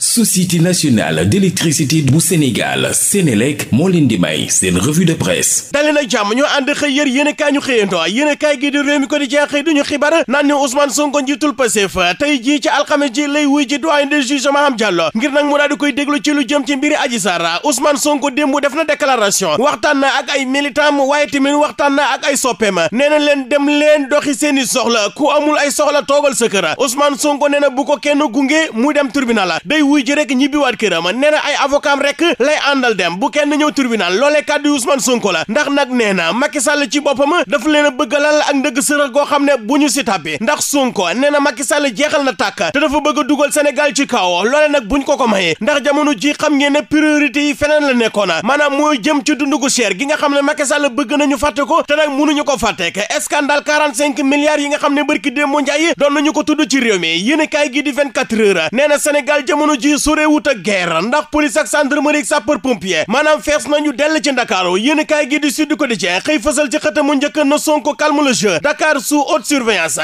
société nationale d'électricité bu Sénégal Sénélec moo leen di may seen revue de presse dali nag jàmm ñoo ànd xëy yër yéen i kaay ñu xëyantoo yéen i kaay gi di réew mi ko di jeexee duñu xibaar naan ni Ousmane Sonko njiitul Pastef tey jii ci alxames ji lay wuy ci doyen des juges Maham Diallo ngir nag mu daal di koy déglu ci lu jëm ci mbiri Adji Sarr Ousmane Sonko démb def na déclaration waxtaan na ak ay militant waaye tamit waxtaan na ak ay soppeem nee na leen dem leen doxi seeni soxla ku amul ay soxla toogal sa kër Ousmane Sonko nee na bu ko kenn gunge muy dem tribunal wuy ji rek ñibbiwaat këram nee na ay avocaam rek lay àndal dem bu kenn ñëw tribunal loolee kàddu Ousmane Sonko la ndax nag nee na Macky Sall ci boppam daf leen a bëgg lal ak ndëgg sërëx goo xam ne bu ñu si tàbbi ndax Sonko nee na Macky Sall na tàkk te dafa bëgg a dugal Sénégal ci kaw loole nag buñ ko ko mayee ndax jamono ji xam ngeen ne priorité yi feneen la nekkoon maanaam mooy jëm ci dund gu cher gi nga xam ne Macky Sall bëgg nañu fàtte ko te ko fàtte ke scandale 45 milliards yi nga xam ne tudd ci réew mi yéen kaay ji sorewut ak guerre ndax police ak gendarmerie ak sapeur pompier maanaam fees nañu dell ci ndakaaru yéen kaay gi di Sud Quotidien xëy fasal ci xëtamu njëkk na Sonko calme le jeu Dakar sous haute surveillance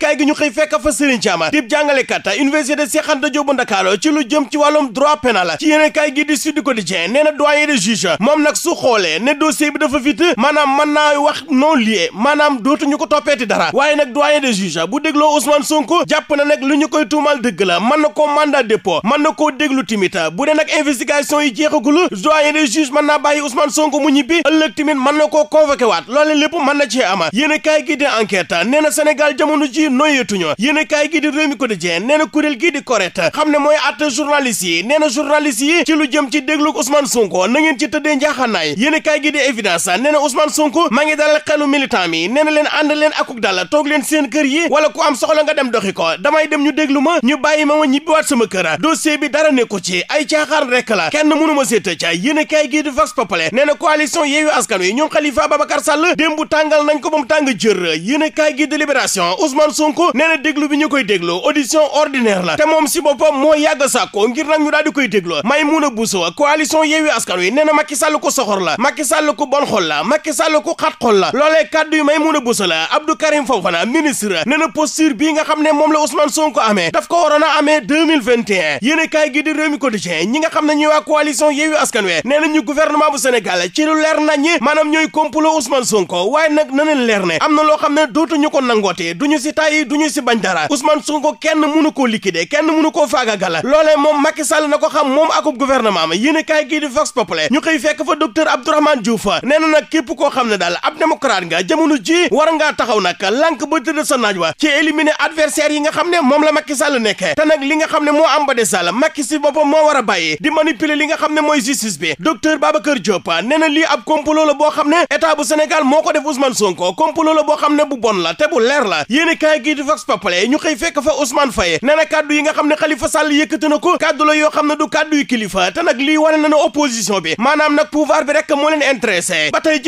kaay gi ñu xëy fekk fa Serigne Thiam dib jàngalekat université de Cheikh Anta Diop bu Ndakaaru ci lu jëm ci wàllum droit pénal ci yéen kaay gi di Sud Quotidien nee na doyen des moom nag su xoolee ne dossier bi dafa fit maanaam mën naa wax non lié maanaam dootuñu ko toppeeti dara waaye nag doyen des juges bu dégloo Ousmane Sonko jàpp na nag lu ñu koy tuumal dëgg la mën na ko mandat dépôt mën na koo déglu tamit bu yi jeexagul doyen des juges mën naa bàyyi Ousmane Sonko mu ñibbi ëllëg tamit mën na koo convoqué waat loole lépp mën na cee ama yéen a kaay gi di enquête nee na jamono ji noyeetuñu yéen a kaay gi di Rewmi Quotidien nee na kuréel gi xam ne mooy àtte journaliste yi nee na journaliste yi ci lu jëm ci déglu Ousmane Sonko na ngeen ci tëddee njaaxanaay yéen a kaay gi di évidence nee na Ousmane Sonko maa ngi dalal xelu militant mi nee na leen ànd leen akuk dal toog leen seen kër yi wala ku am soxla nga dem doxi ko damay dem ñu déglu ma ñu bàyyi ma ma ñibbiwaat sama kër dossier dossier bi dara nekku ci ay caaxaan rek la kenn mënu ma see tëj yéen a kaay gii di Vox Populi nee na coalition Yewwi Askan Wi ñoom Khalifa Babacar Sall démb tàngal nañ ko ba mu tàng jër yéen a kaay gii di Libération Ousmane Sonko nee bi ñu koy déglu audition ordinaire la te moom si boppam moo yàgg sàkko ngir nag ñu daal di koy déglu Maymouna Bousso coalition Yewwi Askan Wi nee na Macky Sall ku soxor la Macky Sall ko bon xol la Macky Sall ku xat xol la loolee kàddu yu Maymouna Bousso la Abdou Karim xam ne moom la Ousmane Sonko amee daf ko waroon a amee 2021 yéen kaay gi di réew mi quotidien ñi nga xam ne ñuy waa coalition Yewwi Askan Wi nee na ñu gouvernement bu Sénégal ci lu leer nañ ñi maanaam ñooy complot Sonko waaye nag na leen am na loo xam ne dootuñu ko nangooti duñu si tàyyi duñu si bañ dara Ousmane Sonko kenn mënu koo liquider kenn mënu koo faagagal loolee moom Macky na ko xam moom akub gouvernement ma yéen kaay gi di Vox ñu xëy fekk fa docteur Abdourahmane Diouf nee na nag képp koo xam ne daal ab la Macky Sall nekkee te nag li ne moo am Sall Macky si moo war a bàyyi di manipuler li xam ne mooy justice bi docteur Babacar Diop nee lii ab complot boo xam ne état bu moo ko def Ousmane Sonko complot boo xam ne bu bon la te bu leer la yéen i kaay gii di Vox ñu xëy fekk fa Ousmane Faye nee na kàddu yi nga xam ne Khalifa Sall yëkkati na ko kàddu la yoo xam ne du kàddu yu kilifa te nag lii wane na na opposition bi maanaam nag pouvoir bi rek moo leen intéressé ba tey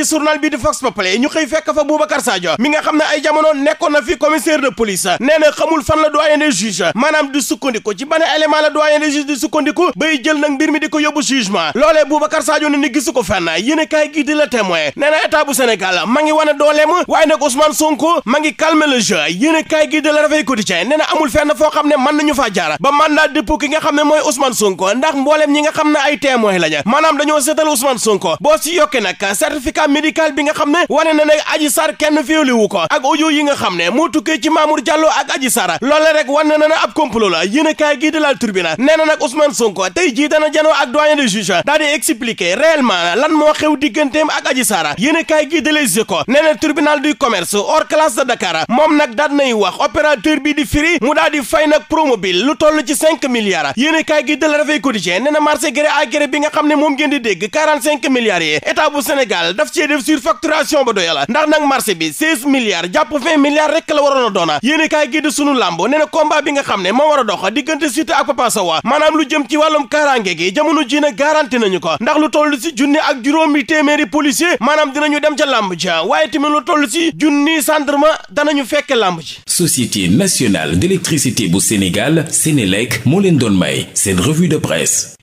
doyen des juges di sukkandiku bay jël nag mbir mi di ko yóbbu jugement loolee Boubacar Sadio ne ni gisu ko fenn yéen kaay gi di la témoin nee na état bu Sénégal ma ngi wane dooleem waaye nag Ousmane Sonko ma ngi calmer le jeu yéen kaay gi di la Réveil Quotidien nee na amul fenn foo xam ne mën nañu faa jaar ba mandat dépôt ki nga xam ne mooy Ousmane Sonko ndax mbooleem ñi nga xam ne ay témoin lañu maanaam dañoo seetal Ousmane Sonko boo si yokkee nag certificat médical bi nga xam ne wane na ne Adji Sarr kenn féewliwu ko ak audio yi nga xam ne moo tukkee ci Mamour Diallo ak Adji Sarr loole rek wane na ne ab complot la yéen kaay gi di la Tribune nee na nag Ousmane Sonko tey jii dana janoo ak doyen de juge daal di expliquer réellement lan moo xew digganteem ak Adji Sarr yéen a kaay gi de Les Échos nee na tribunal du commerce hors classe de moom nag daal nay wax opérateur bi di Free mu daal di fay nag Promobile lu toll ci cinq milliards yéen a kaay gi de Le Réveil Quotidien nee na marché gré à bi nga xam ne moom ngeen di dégg quarante cinq milliards yi état bu Sénégal daf cee def surfacturation ba doyala ndax nag marché bi a ne moo a dox diggante Siteu wa maanaam lu jëm ci wàllum kaaraange gi jamono ji na garanti nañu ko ndax lu toll si junni ak juróomi téeméeri policier maanaam dinañu dem ca làmb ja waaye tamit lu toll si junni gendarme danañu fekk làmb ji société nationale d'électricité bu Sénégal Sénélec moo leen doon may seen revue de presse